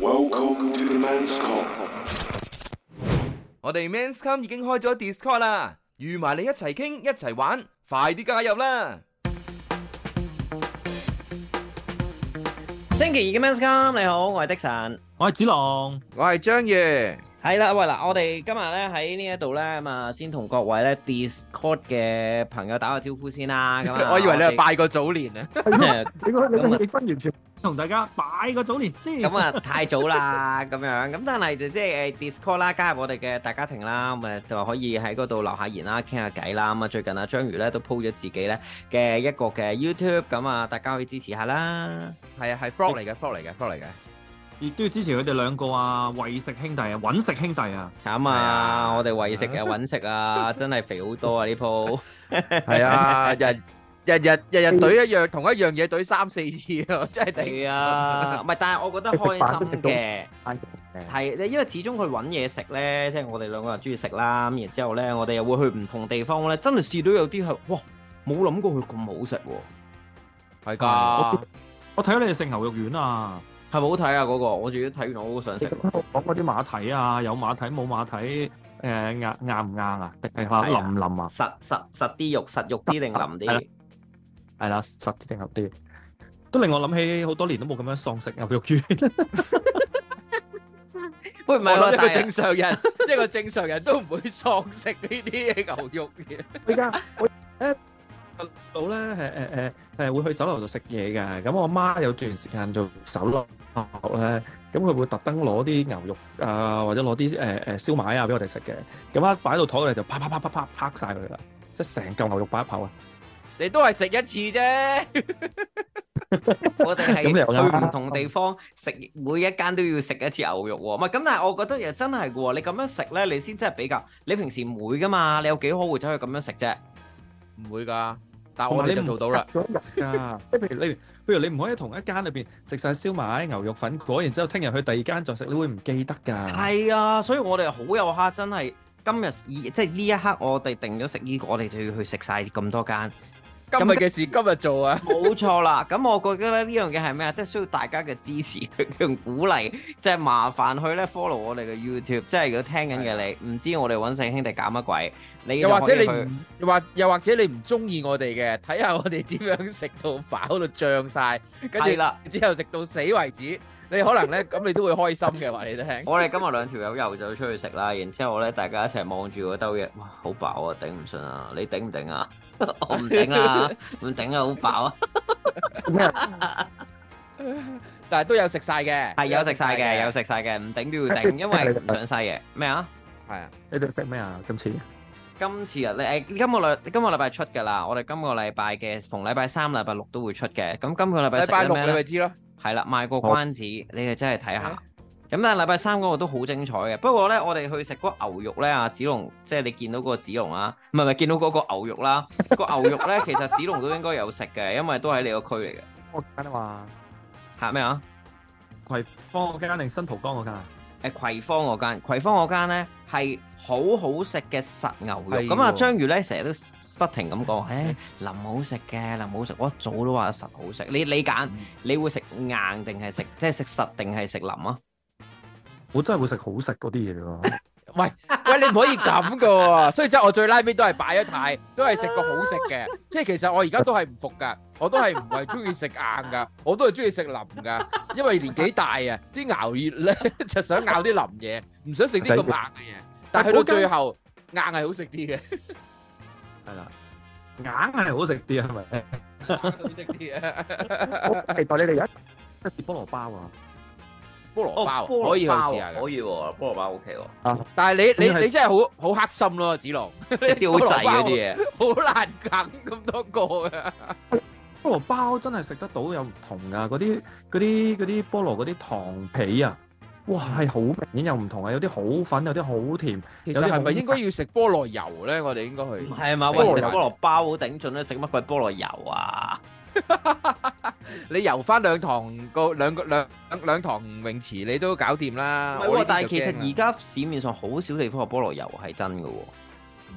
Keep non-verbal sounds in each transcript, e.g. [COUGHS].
Welcome to the men's come。我哋 men's come 已經開咗 Discord 啦，預埋你一齊傾一齊玩，快啲加入啦！星期二嘅 men's come 你好，我係的神，我係紫龍，我係章魚。係啦，喂嗱，我哋今日咧喺呢一度咧咁啊，先同各位咧 Discord 嘅朋友打個招呼先啦。咁啊，我以為你係拜個早年啊！你個你個積分完全。同大家拜個早年先，咁啊太早啦咁樣，咁但係就即係誒 Discord 啦，加入我哋嘅大家庭啦，咁啊就可以喺嗰度留下言啦，傾下偈啦，咁啊最近啊章魚咧都鋪咗自己咧嘅一個嘅 YouTube，咁啊大家可以支持下啦。係啊，係 frog 嚟嘅 frog 嚟嘅 frog 嚟嘅，亦都要支持佢哋兩個啊，餵食兄弟啊，揾食兄弟啊，慘啊！我哋餵食啊，揾食啊，真係肥好多啊！呢鋪係啊日日日日懟，一樣同一樣嘢懟三四次啊！真係頂。係啊，唔係但係我覺得開心嘅，係咧，因為始終佢搵嘢食咧，即係我哋兩個人中意食啦。咁然之後咧，我哋又會去唔同地方咧，真係試到有啲係哇，冇諗過佢咁好食喎。係噶，我睇到你哋食牛肉丸啊，係咪好睇啊？嗰個我仲要睇完我好想食。講嗰啲馬蹄啊，有馬蹄冇馬蹄誒，硬唔硬啊？定係話淋唔淋啊？實實實啲肉，實肉啲定淋啲？係啦，嗯、實啲定合啲，都令我諗起好多年都冇咁樣喪食牛肉丸。喂， [LAUGHS] [LAUGHS] 唔係，一個正常人， [LAUGHS] 一個正常人都唔會喪食呢啲牛肉丸。 [LAUGHS] 我而家我一老咧誒誒誒誒會去酒樓度食嘢嘅，咁我媽有段時間做酒樓咧，咁、嗯、佢、嗯、會特登攞啲牛肉啊、呃，或者攞啲誒誒燒賣啊俾我哋食嘅，咁啊擺到度台，我哋就啪啪啪啪啪啪曬佢啦，即係成嚿牛肉擺一泡啊！你都係食一次啫，我哋係去唔同地方食，每一間都要食一次牛肉喎。唔係咁，但係我覺得又真係嘅喎。你咁樣食咧，你先真係比較。你平時唔會噶嘛？你有幾可會走去咁樣食啫？唔會噶，但係我哋就做到啦。唔會噶，即係譬如你，譬如你唔可以同一間裏邊食晒燒賣、牛肉粉果，然之後聽日去第二間再食，你會唔記得噶？係啊，所以我哋好有蝦，真係今日以即係呢一刻，我哋定咗食呢個，我哋就要去食晒咁多間。今日嘅事、嗯、今日做啊！冇錯啦，咁 [LAUGHS] 我覺得咧，呢樣嘢係咩啊？即係需要大家嘅支持同 [LAUGHS] 鼓勵，即係麻煩去咧 follow 我哋嘅 YouTube，即係如果聽緊嘅你，唔的知我哋搵食兄弟搞乜鬼，你又或者你唔或又或者你唔中意我哋嘅，睇下我哋點樣食到飽到脹晒，跟住啦之後食的到死為止。你可能咧，咁你都會開心嘅，話你聽。我哋今日兩條友又就出去食啦，然之後我咧大家一齊望住嗰兜嘢，哇，好飽啊，頂唔順啊，你頂唔頂啊？我唔頂啦，唔頂啊，好飽啊！但係都有食晒嘅，係有食晒嘅，有食晒嘅，唔頂都要頂，因為唔想嘥嘢。咩啊？係啊？你哋逼咩啊？今次？今次啊？你誒，今個禮今個禮拜出噶啦，我哋今個禮拜嘅逢禮拜三、禮拜六都會出嘅。咁今個禮拜禮拜六你咪知咯。係啦，賣過關子，好你哋真係睇下。咁但係禮拜三嗰個都好精彩嘅。不過咧，我哋去食嗰牛肉咧，阿、啊、子龍，即係你到、啊、見到嗰個子龍啊，唔係唔係見到嗰個牛肉啦。 [LAUGHS] 個牛肉咧，其實子龍都應該有食嘅，因為都喺你個區嚟嘅。我間 [LAUGHS] 啊，吓咩啊？葵芳，我間定新蒲崗我間啊？誒葵芳嗰間，葵芳嗰間咧係好好食嘅實牛肉。咁啊的，章魚咧成日都不停咁講，誒腍的、哎、好食嘅，腍好食。我一早都話實好食。你你揀，你，嗯、你會食硬定係食，即係食實定係食腍啊？我真係會食好食嗰啲嘢咯。喂喂，你唔可以咁噶，所以即係我最拉尾都係擺一大，都係食個好食嘅。即係其實我而家都係唔服噶，我都係唔係中意食硬噶，我都係中意食腍噶，因為年紀大啊，啲牙越咧就想咬啲腍嘢，唔想食啲咁硬嘅嘢。但係去到最後硬係好食啲嘅，係啦，硬係好食啲啊係咪？好食啲啊！我係代你哋嘅，一碟菠蘿包啊！菠蘿包,、哦、菠蘿包可以去試下可以喎、哦、菠蘿包 OK 喎、哦。啊、但係你你真是你真係好好黑心咯、啊，子龍，即係 [LAUGHS] 好滯嗰啲嘢，好難揀咁多個嘅。菠蘿包真係食得到有唔同噶，嗰啲啲啲菠蘿嗰啲糖皮啊，哇係好明顯又唔同啊，有啲好粉，有啲好甜。其實係咪應該要食菠蘿油咧？我哋應該去係嘛？喂，食菠蘿包好頂盡咧，食乜鬼菠蘿油啊？ [LAUGHS] 你游翻兩堂個兩兩兩兩堂泳池，你都搞掂啦。是但係其實而家市面上好少地方有菠蘿油係真嘅、喔，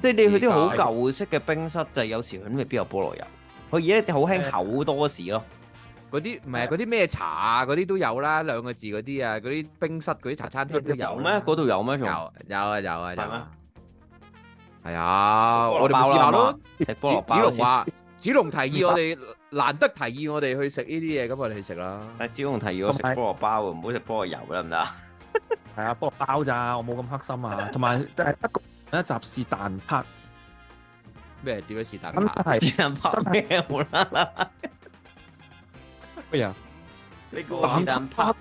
知即係你去啲好舊式嘅冰室，就有時佢未必有菠蘿油。佢而家好興厚多士咯、喔，嗰啲唔係嗰啲咩茶嗰啲都有啦。兩個字嗰啲啊，嗰啲冰室嗰啲茶餐廳都有咩？嗰度有咩？仲有有啊有啊有。係啊，我哋冇試下咯。紫龍話：紫龍提議我哋。難得提議我哋去食呢啲嘢，咁我哋去食啦。但係朝早提議我食菠蘿包，唔好食菠蘿油得唔得？係 [LAUGHS] 啊，菠蘿包咋？我冇咁黑心啊。同埋，第一集試蛋撻咩？點樣試蛋撻？真係真係，咩冇啦啦？乜嘢啊？呢個蛋撻？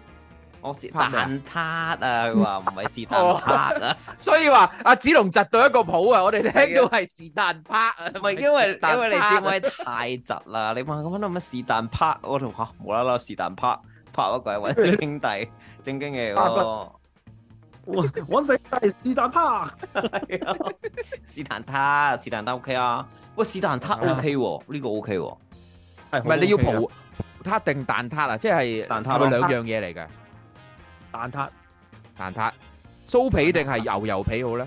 我是蛋撻啊，佢話唔係是蛋撻啊，所以話阿子龍窒到一個譜啊，我哋聽到係是蛋撻啊，係咪？因為因為你志威太窒啦，你問咁多乜是蛋撻，我同話無啦啦是蛋撻，拍咗鬼揾食兄弟正經嘅喎，揾食係是蛋撻，是蛋撻，是蛋撻 OK 啊，個是蛋撻 OK 喎，呢個 OK 喎，係唔係你要葡撻定蛋撻啊？即係係咪兩樣嘢嚟嘅？蛋撻，蛋撻，酥皮定係牛油皮好咧？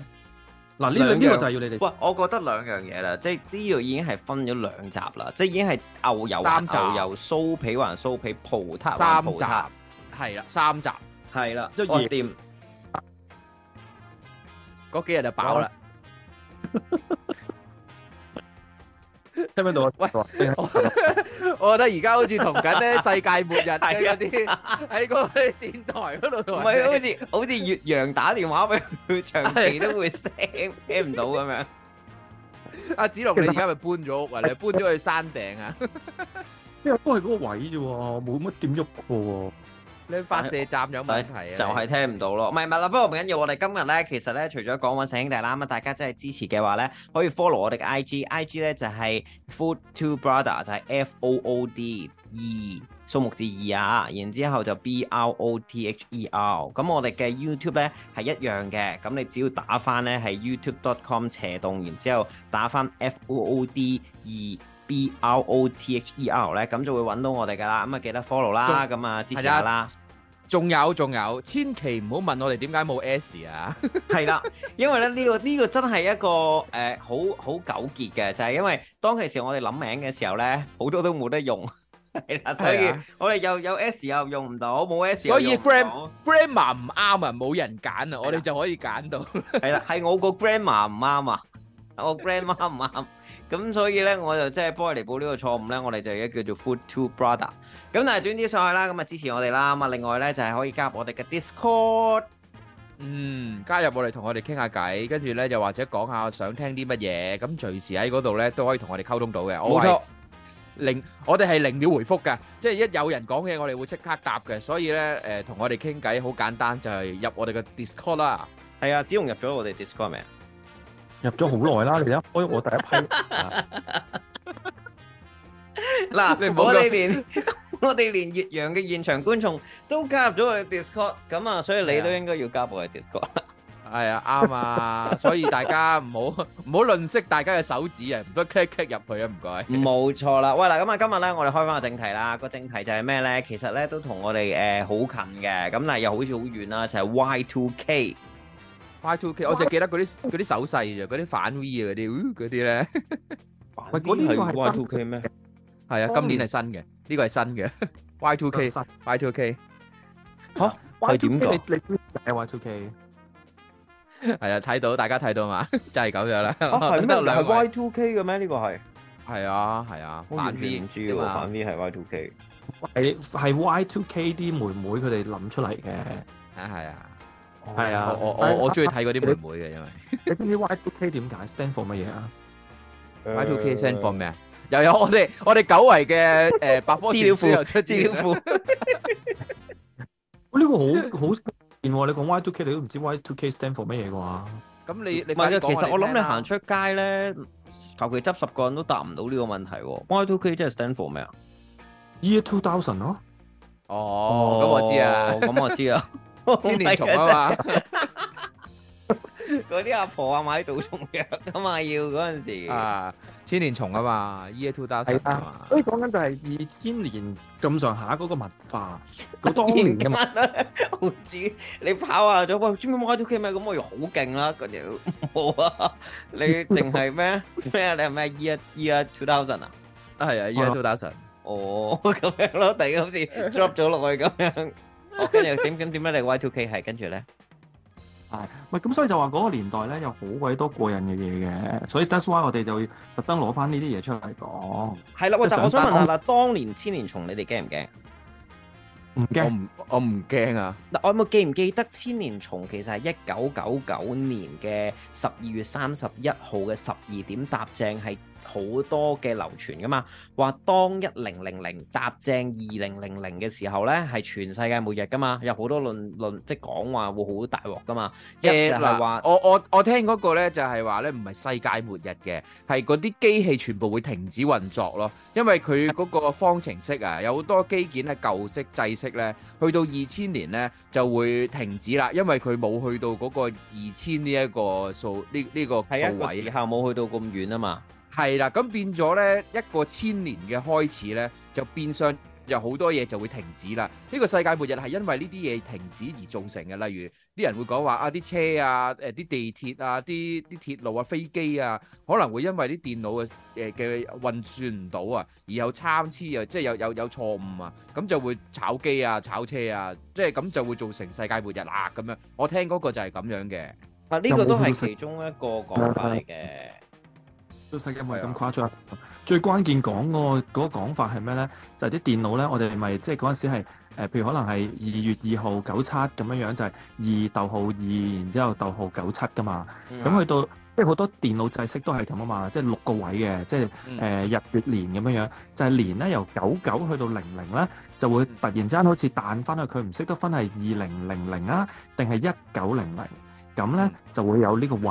嗱，呢兩呢個就係要你哋。喂，我覺得兩樣嘢啦，即係呢度已經係分咗兩集啦，即係已經係牛油牛油酥皮還酥皮葡撻還葡撻，係啦，三集係啦，一店嗰幾日就飽啦。聽唔聽到啊？喂，我 [LAUGHS] 我覺得而家好似同緊咧世界末日，即係有啲喺嗰啲電台嗰度，唔係好似好似越洋打電話俾佢， [LAUGHS] 長期都會醒聽唔到咁樣。阿、 [LAUGHS] 啊、紫龍，你而家咪搬咗屋啊？ [LAUGHS] 的你搬咗去山頂啊？因 [LAUGHS] 為都係嗰個位啫，冇乜點喐過。你發射站有問題啊！就係聽唔到咯，唔係唔係啦。不過唔緊要，我哋今日咧，其實咧，除咗講揾食兄弟啦，咁大家真係支持嘅話咧，可以 follow 我哋嘅 IG，IG 咧就係、是、food two brother，就係 f o o d 二、e，數目字二啊。然之後就 b r o t h e r。咁、e、我哋嘅 YouTube 咧係一樣嘅，咁你只要打翻咧係 YouTube.com 斜動，然之後打翻 f o o d 二。E, Brother 咧，咁就會揾到我哋噶啦，咁啊記得 follow 啦，咁啊支持下啦。仲有仲有，千祈唔好問我哋點解冇 S 啊。係啦，因為咧呢個呢個真係一個誒好好糾結嘅，就係因為當其時我哋諗名嘅時候咧，好多都冇得用。係啦，所以我哋又有 S 又用唔到，冇 S 又用唔到。所以 grand grandma 唔啱啊，冇人揀啊，我哋就可以揀到。係啦，係我個 grandma 唔啱啊，我 grandma 唔啱。咁所以咧，我就即係幫你嚟補呢個錯誤咧。我哋就而家叫做 Food Two Brother。咁但係轉啲上去啦，咁啊支持我哋啦。咁啊，另外咧就係、是、可以加入我哋嘅 Discord。嗯，加入我哋同我哋傾下偈，跟住咧又或者講下想，想聽啲乜嘢。咁隨時喺嗰度咧都可以同我哋溝通到嘅。我係冇錯，零，我哋係零秒回覆嘅，即係一有人講嘢，我哋會即刻答嘅。所以咧，誒、呃、同我哋傾偈好簡單，就係入我哋嘅 Discord 啦。係啊，紫龍入咗我哋 Discord 未？入咗好耐啦，你而家開我第一批。嗱，你唔好，你連我哋連越洋嘅現場觀眾都加入咗我嘅 Discord，咁啊，所以你都應該要加入我嘅 Discord。係啊，啱啊，所以大家唔好唔好吝嗇大家嘅手指啊，唔得 click click 入去啊，唔該。冇錯啦，喂嗱，咁啊，今日咧，我哋開翻個正題啦。個正題就係咩咧？其實咧都同我哋誒好近嘅，咁但係又好似好遠啦，就係 Y2K。Y two K，我就記得嗰啲嗰啲手勢啫，嗰啲反 V 啊嗰啲，嗰啲咧。嗰啲係 Y two K 咩？係啊，今年係新嘅，呢個係新嘅 Y two K，Y two K。嚇？係點噶？你你係 Y two K。係啊，睇到大家睇到嘛？就係咁樣啦。啊，係咩？係 Y two K 嘅咩？呢個係。係啊，係啊，反 V 啊嘛，反 V 係 Y two K。係係 Y two K 啲妹妹佢哋諗出嚟嘅。啊，係啊。係啊，我我我中意睇嗰啲妹妹嘅，因為你知唔知 Y Two K 點解 Stand for 乜嘢啊？Y Two K Stand for 咩啊？又有我哋我哋久違嘅誒，百科資料庫又出資料庫。呢個好好，你講 Y Two K，你都唔知 Y Two K Stand for 乜嘢嘅話，咁你你唔係啊？其實我諗你行出街咧，求其執十個人都答唔到呢個問題。Y Two K 即係 Stand for 咩啊？Year Two Thousand 咯。哦，咁我知啊，咁我知啊。千年蟲啊嘛，嗰啲阿婆啊買啲杜蟲藥噶嘛，要嗰陣時啊，千年蟲啊嘛，Year Two Thousand 啊，所以講緊就係二千年咁上下嗰個文化，個當年咁啊，我唔知你跑下咗喂，專門開到 K 咩咁我又好勁啦，嗰條冇啊，你淨係咩咩啊？你係咩 Year Year Two Thousand 啊？係啊，Year Two Thousand，哦，咁樣咯，突然間好似 drop 咗落去咁樣。跟住點？咁點咧？你 Y2K 係跟住咧？係，喂，咁所以就話嗰個年代咧，有好鬼多過癮嘅嘢嘅，所以 that's why 我哋就特登攞翻呢啲嘢出嚟講。係啦，喂，但係我想問下啦，當年千年蟲你哋驚唔驚？唔驚，唔我唔驚啊！嗱，我有冇記唔記得千年蟲其實係一九九九年嘅十二月三十一號嘅十二點搭正係。好多嘅流傳噶嘛，話當一零零零搭正二零零零嘅時候呢，係全世界，欸、世界末日噶嘛，有好多論論即係講話會好大鑊噶嘛。一就話我我我聽嗰個呢就係話呢唔係世界末日嘅，係嗰啲機器全部會停止運作咯，因為佢嗰個方程式啊有好多機件係舊式製式呢，去到二千年呢就會停止啦，因為佢冇去到嗰個二千呢一個數呢呢、啊、個數位，冇去到咁遠啊嘛。係啦，咁變咗咧一個千年嘅開始咧，就變相有好多嘢就會停止啦。呢個世界末日係因為呢啲嘢停止而造成嘅。例如啲人會講話啊，啲車啊，誒，啲地鐵啊，啲啲鐵路啊，飛機啊，可能會因為啲電腦誒嘅運算唔到啊，而有參差啊，即係有有有錯誤啊，咁就會炒機啊，炒車啊，即係咁就會造成世界末日啦咁樣。我聽嗰個就係咁樣嘅。啊，呢個都係其中一個講法嚟嘅。都冇係咁誇張，最關鍵講、嗰個嗰講法係咩咧？就係、是、啲電腦咧，我哋咪即係嗰陣時係、呃、譬如可能係二月二號九七咁樣樣，就係二逗號二，然之後逗號九七㗎嘛。咁、嗯、去到即係好多電腦制式都係咁啊嘛，即係六個位嘅，即係誒、呃、日月年咁樣樣。就係、是、年咧由九九去到零零咧，就會突然之間好似彈返去，佢唔識得分係二零零零啊，定係一九零零咁咧，嗯、就會有呢個混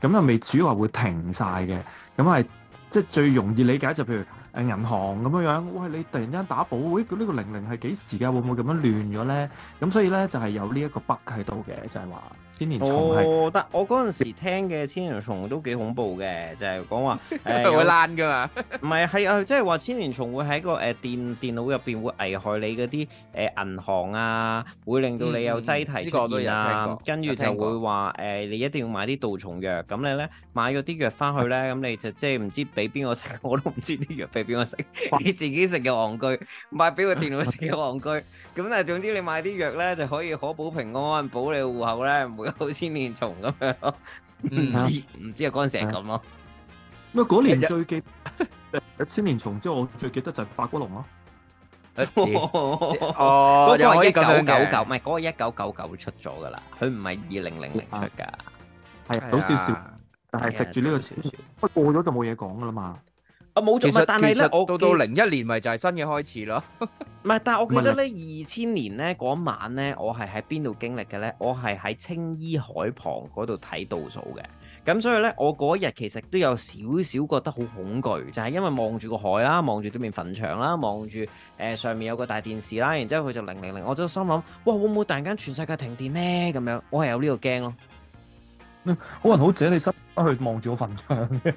亂。咁又未主要話會停晒嘅。咁係即係最容易理解，就譬如誒，銀行咁樣，喂，你突然之間打保，誒，佢呢個零零係幾時㗎？會唔會咁樣亂咗咧？咁所以呢，就係、係、有呢一個 bug 喺度嘅，就係話。千年蟲係、哦，我嗰陣時聽嘅千年蟲都幾恐怖嘅，就係講話，誒、呃， [LAUGHS] 會爛噶嘛，唔 [LAUGHS] 係，係啊，即係話千年蟲會喺個誒、呃、電電腦入邊會危害你嗰啲誒銀行啊，會令到你有擠提出現啊，嗯這個、跟住就會話誒、呃、你一定要買啲杜蟲藥，咁你咧買咗啲藥翻去咧，咁 [LAUGHS] 你就即係唔知俾邊個食，我都唔知啲藥俾邊個食， [LAUGHS] 你自己食嘅戇居，唔係俾個電腦食嘅戇居，咁 [LAUGHS] 但係總之你買啲藥咧就可以可保平安，保你戶口咧好似千年蟲咁樣，唔知唔知啊，嗰陣時係咁咯。喂，嗰年最記一千年蟲之後，我最記得就係《法國龍》咯。哦，嗰個係一九九九，唔係嗰個一九九九出咗噶啦，佢唔係二零零零出噶。係，好少少，但係食住呢個少少，不過過咗就冇嘢講噶啦嘛。冇做，但係咧，到到零一年咪就係新嘅開始咯。唔係，但係我記得咧，二千年咧嗰晚咧,我係喺邊度經歷嘅咧？我係喺青衣海旁嗰度睇倒數嘅。咁所以咧，我嗰日其實都有少少覺得好恐懼，就係因為望住個海啦，望住對面墳場啦，望住誒上面有個大電視啦，然之後佢就零零零，我就心諗，哇，會唔會突然間全世界停電咧？咁樣，我係有呢個驚咯。好人好姐，你失去望住我墳場嘅，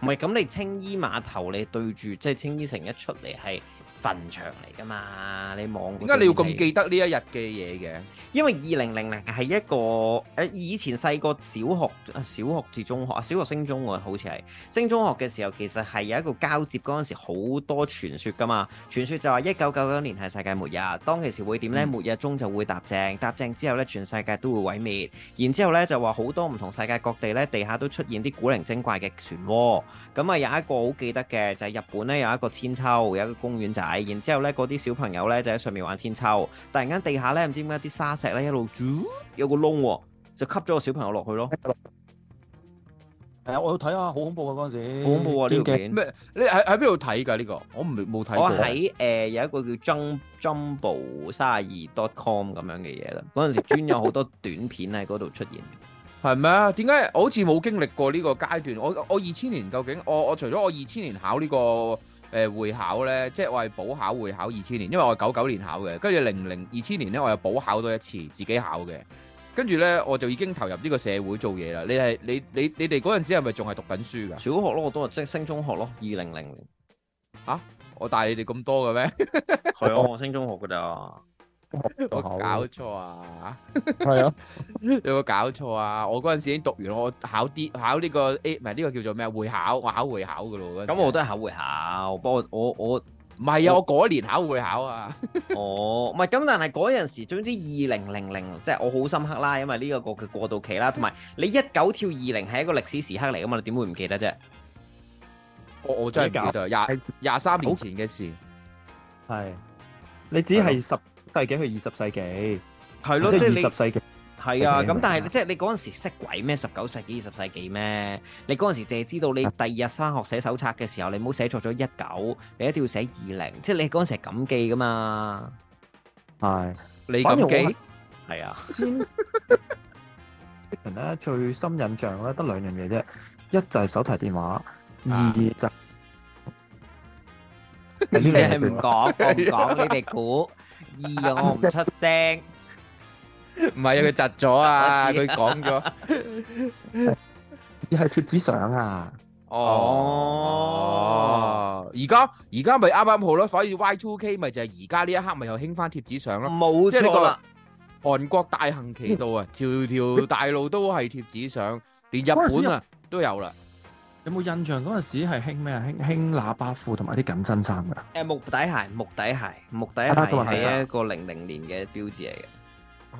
唔係咁你青衣碼頭，你對住即係青衣城一出嚟係，墳場嚟噶嘛？你望點解你要咁記得呢一日嘅嘢嘅？因為二零零零係一個誒，以前細個小學、小學至中學啊，小學升中喎、啊，好似係升中學嘅時候，其實係有一個交接嗰陣時，好多傳說噶嘛。傳說就話一九九九年係世界末日，當其時會點呢？嗯、末日鐘就會答正，答正之後呢，全世界都會毀滅。然之後呢，就話好多唔同世界各地呢，地下都出現啲古靈精怪嘅漩渦。咁、嗯、啊，有一個好記得嘅就係、是、日本呢，有一個千秋有一個公園仔。然之後咧，嗰啲小朋友咧就喺上面玩千秋，突然間地下咧唔知點解啲沙石咧一路，有個窿、哦，就吸咗個小朋友落去咯。係啊、嗯，我要睇下，好恐怖啊！嗰陣時，恐怖啊！呢條片咩？你喺喺邊度睇噶？呢個我唔冇睇。我喺誒、呃、有一個叫 jumbo32.com 咁樣嘅嘢啦。嗰陣時專有好多短片喺嗰度出現。係咩？ [LAUGHS] 點解？我好似冇經歷過呢個階段。我我二千年究竟我我除咗我二千年考呢、這個？誒、呃，會考呢，即係我係補考會考二千年，因為我係九九年考嘅，跟住零零二千年呢，我又補考多一次，自己考嘅，跟住呢，我就已經投入呢個社會做嘢啦。你係你你你哋嗰陣時係咪仲係讀緊書噶？小學咯，我都係升中學咯，二零零年。吓、啊、我大你哋咁多嘅咩？係、 [LAUGHS] 啊、我升中學噶咋。我搞錯啊，係啊，你有冇搞錯啊？我嗰陣時已經讀完，我考啲考呢個 A，唔係呢個叫做咩？會考，我考會考噶咯。咁我都係考會考，不過我我唔係啊，我嗰是我年考會考啊。哦，唔係，咁但係嗰陣時，總之二零零零，即係我好深刻啦，因為呢一個嘅過渡期啦，同埋你一九跳二零係一個歷史時刻嚟噶嘛，你點會唔記得啫？ [LAUGHS] [LAUGHS] 我我真係唔記得，廿廿三年前嘅事係。 [LAUGHS] 你只係十世紀，去二十世紀，係咯，即係二十世紀，係啊。咁但係，即係你嗰陣時識鬼咩？十九世紀、二十世紀咩？你嗰陣時凈係知道你第二日返學寫手冊嘅時候，你唔好寫錯咗一九，你一定要寫二零。即係你嗰陣時係咁記噶嘛？係，你咁記，係啊。以前咧最深印象咧得兩樣嘢啫，一就係手提電話，二就。你哋係唔講，我講，你哋估。二，我唔出聲。唔係啊，佢窒咗啊，佢講咗。而係貼紙相啊。哦。而家而家咪啱啱好咯，所以 Y2K 咪就係而家呢一刻咪又興翻貼紙相咯。冇錯啦。韓國大行其道啊，條條大路都係貼紙相，連日本啊都有啦。有冇印象，嗰陣時係興咩啊？興興喇叭褲同埋啲緊身衫噶？誒，木底鞋，木底鞋，木底鞋係一個零零年嘅標誌嚟嘅。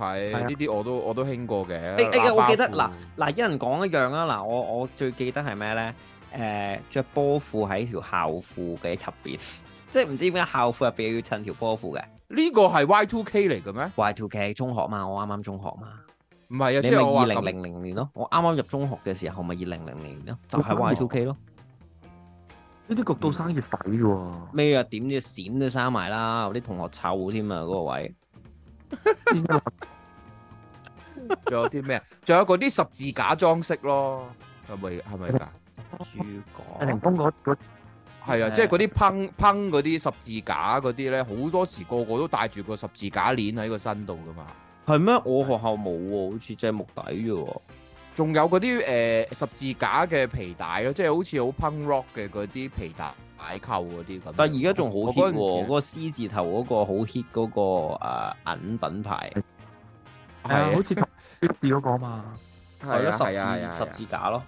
係呢啲我都我都興過嘅。欸欸、叭我記得嗱嗱，一人講一樣啦。嗱，我我最記得係咩咧？誒、呃，着波褲喺條校褲嘅側邊， [LAUGHS] 即係唔知點解校褲入邊要襯條波褲嘅。呢個係 Y2K 嚟嘅咩？Y2K 中學嘛，我啱啱中學嘛。唔係啊，即係我話二零零零年咯，我啱啱入中學嘅時候咪二零零零年咯，就係、是、Y2K 咯局、啊。呢啲焗到生月底喎，尾日點啲閃都生埋啦，我、那、啲、個、同學臭添啊嗰個位。仲有啲咩啊？仲有嗰啲十字架裝飾咯，係咪係咪噶？住港。係果 [LAUGHS] 啊，麼即係嗰啲 punk punk 嗰啲十字架嗰啲咧，好多時個個都戴住個十字架鏈喺個身度噶嘛。係咩？我學校冇喎，好似即係木底嘅喎。仲有嗰啲誒十字架嘅皮帶咯，即係好似好 punk rock 嘅嗰啲皮帶矮扣嗰啲咁。但係而家仲好 hit 喎，嗰個獅字頭嗰個好 hit 嗰、嗰個誒銀、啊、品牌係，好似獅子嗰個啊嘛，係啊，十字架咯。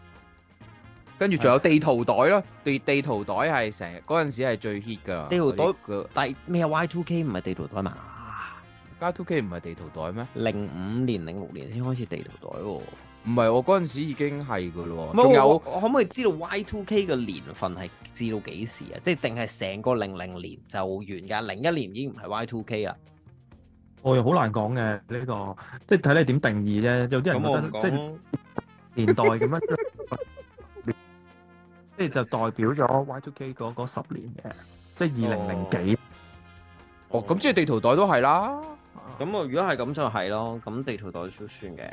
跟住仲有地圖袋咯，地地圖袋係成日嗰陣時係最 hit 噶。地圖袋，但係咩 Y2K 唔係地圖袋嘛？那個 Y2K 唔係地圖袋咩？零五年、零六年先開始地圖袋喎。唔係，我嗰陣時已經係噶咯。仲有我可唔可以知道 Y2K 嘅年份係至到幾時啊？即係定係成個零零年就完噶？零一年已經唔係 Y2K 啦。我又好難講嘅呢個，即係睇你點定義啫。有啲人覺得即係年代咁樣，即係就代表咗 Y2K 嗰嗰十年嘅，即係二零零幾。哦，咁即係地圖袋都係啦。咁我如果係咁就係咯，咁地圖袋都算嘅。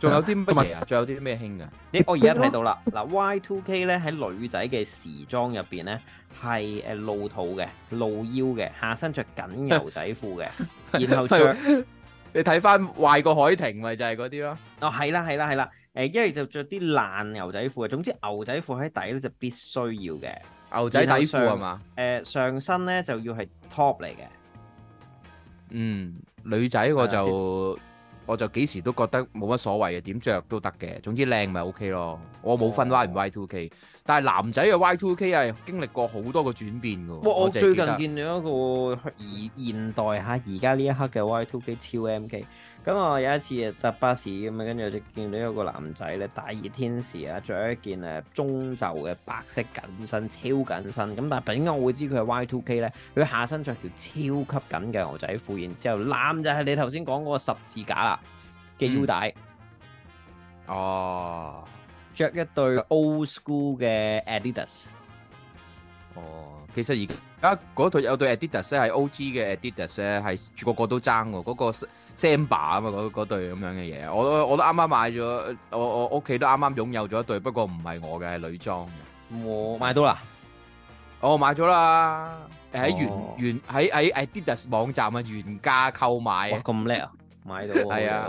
仲有啲乜嘢啊？仲 [LAUGHS] 有啲咩興噶？你 [LAUGHS] 我而家睇到啦。嗱，Y2K 咧喺女仔嘅時裝入邊咧係誒露肚嘅、露、呃、腰嘅，下身着緊牛仔褲嘅， [LAUGHS] 然後着 [LAUGHS] 你睇翻壞過海婷咪就係嗰啲咯。哦，係啦，係啦，係啦。誒，呃、因為一係就着啲爛牛仔褲。總之牛仔褲喺底咧就必須要嘅。牛仔底褲係嘛？誒、呃，上身咧就要係 top 嚟嘅。嗯，女仔我就，嗯、我就幾時都覺得冇乜所謂嘅，點着都得嘅。總之靚咪 OK 咯，我冇分 Y 唔 Y2K，哦。但係男仔嘅 Y2K 係經歷過好多個轉變嘅。哦，我，我最近見到一個而現代吓，而家呢一刻嘅 Y2K 超 MK。咁我有一次啊搭巴士咁啊，跟住就見到有個男仔咧，大熱天時啊，着一件誒中袖嘅白色緊身，超緊身。咁但係點解我會知佢係 Y2K 咧？佢下身着條超級緊嘅牛仔褲，然之後攬就係你頭先講嗰個十字架啦嘅腰帶。哦，着一對 old school 嘅 Adidas。哦，其實已經。啊！嗰對有對 Adidas 咧，係 O.G. 嘅 Adidas 咧，係個個都爭喎。嗰個 Samba 啊嘛，嗰嗰對咁樣嘅嘢，我我都啱啱買咗，我我屋企都啱啱擁有咗一對，不過唔係我嘅，係女裝嘅。我買到啦，我買咗啦，喺原原喺喺 Adidas 網站啊原價購買啊，咁叻啊！買到喎，係、哎、啊，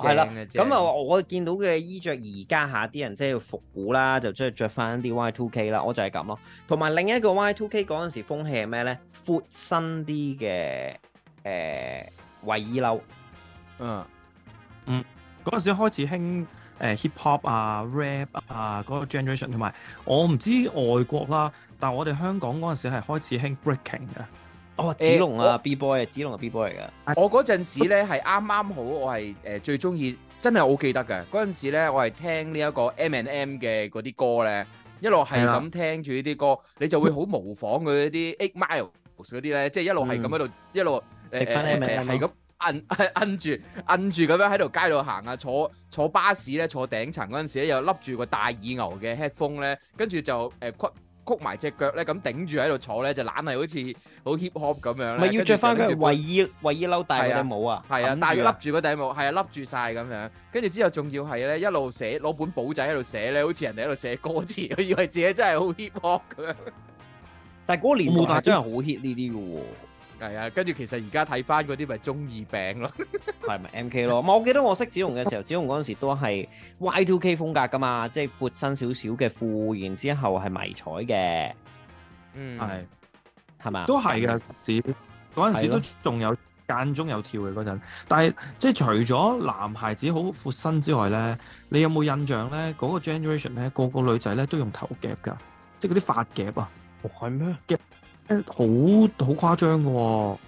係啦了，咁啊，就我見到嘅衣着，而家下啲人即係要復古啦，就即係著翻啲 Y2K 啦，我就係咁咯。同埋另一個 Y2K 嗰陣時風氣係咩咧？闊身啲嘅誒衛衣褸，嗯、欸、嗯，嗰陣時開始興誒、呃、hip hop 啊、rap 啊嗰、那個 generation，同埋我唔知外國啦，但係我哋香港嗰陣時係開始興 breaking 嘅。哦，子龍啊，B boy 啊，子龍啊，B boy 嚟噶。我嗰陣時咧，係啱啱好，我係誒最中意，真係好記得嘅。嗰陣時咧，我係聽呢一個 M and M 嘅嗰啲歌咧，一路係咁聽住呢啲歌，你就會好模仿佢一啲 Eight Mile 嗰啲咧，即係一路係咁喺度，一路誒係咁摁摁摁住摁住咁樣喺度街度行啊，坐坐巴士咧，坐頂層嗰陣時咧，又笠住個大耳牛嘅 headphone 咧，跟住就誒。曲埋隻腳咧，咁頂住喺度坐咧，就懶係好似好 hip hop 咁樣。咪要着翻佢衛衣衛衣褸，戴個底帽啊！係啊，啊但係要笠住個底帽，係笠住晒咁樣。跟住之後，仲要係咧一路寫攞本簿仔喺度寫咧，好似人哋喺度寫歌詞，佢以為自己真係好 hip hop 咁。但係嗰個年代是真係好 hit 呢啲嘅喎。係啊，跟住其實而家睇翻嗰啲咪中二病是是，咯，係咪 MK 咯？我記得我識紫龍嘅時候，紫龍嗰陣時都係 Y2K 風格噶嘛，即係闊身少少嘅褲，然之後係迷彩嘅，嗯，係係嘛，都係嘅。紫龍嗰陣時都仲的有間中有跳嘅嗰陣，但係即係除咗男孩子好闊身之外咧，你有冇印象咧？嗰、嗰個 generation 咧，個個女仔咧都用頭夾噶，即係嗰啲髮夾啊，係咩夾？ [NOISE] [NOISE] [NOISE] 好好誇張嘅喎，哦，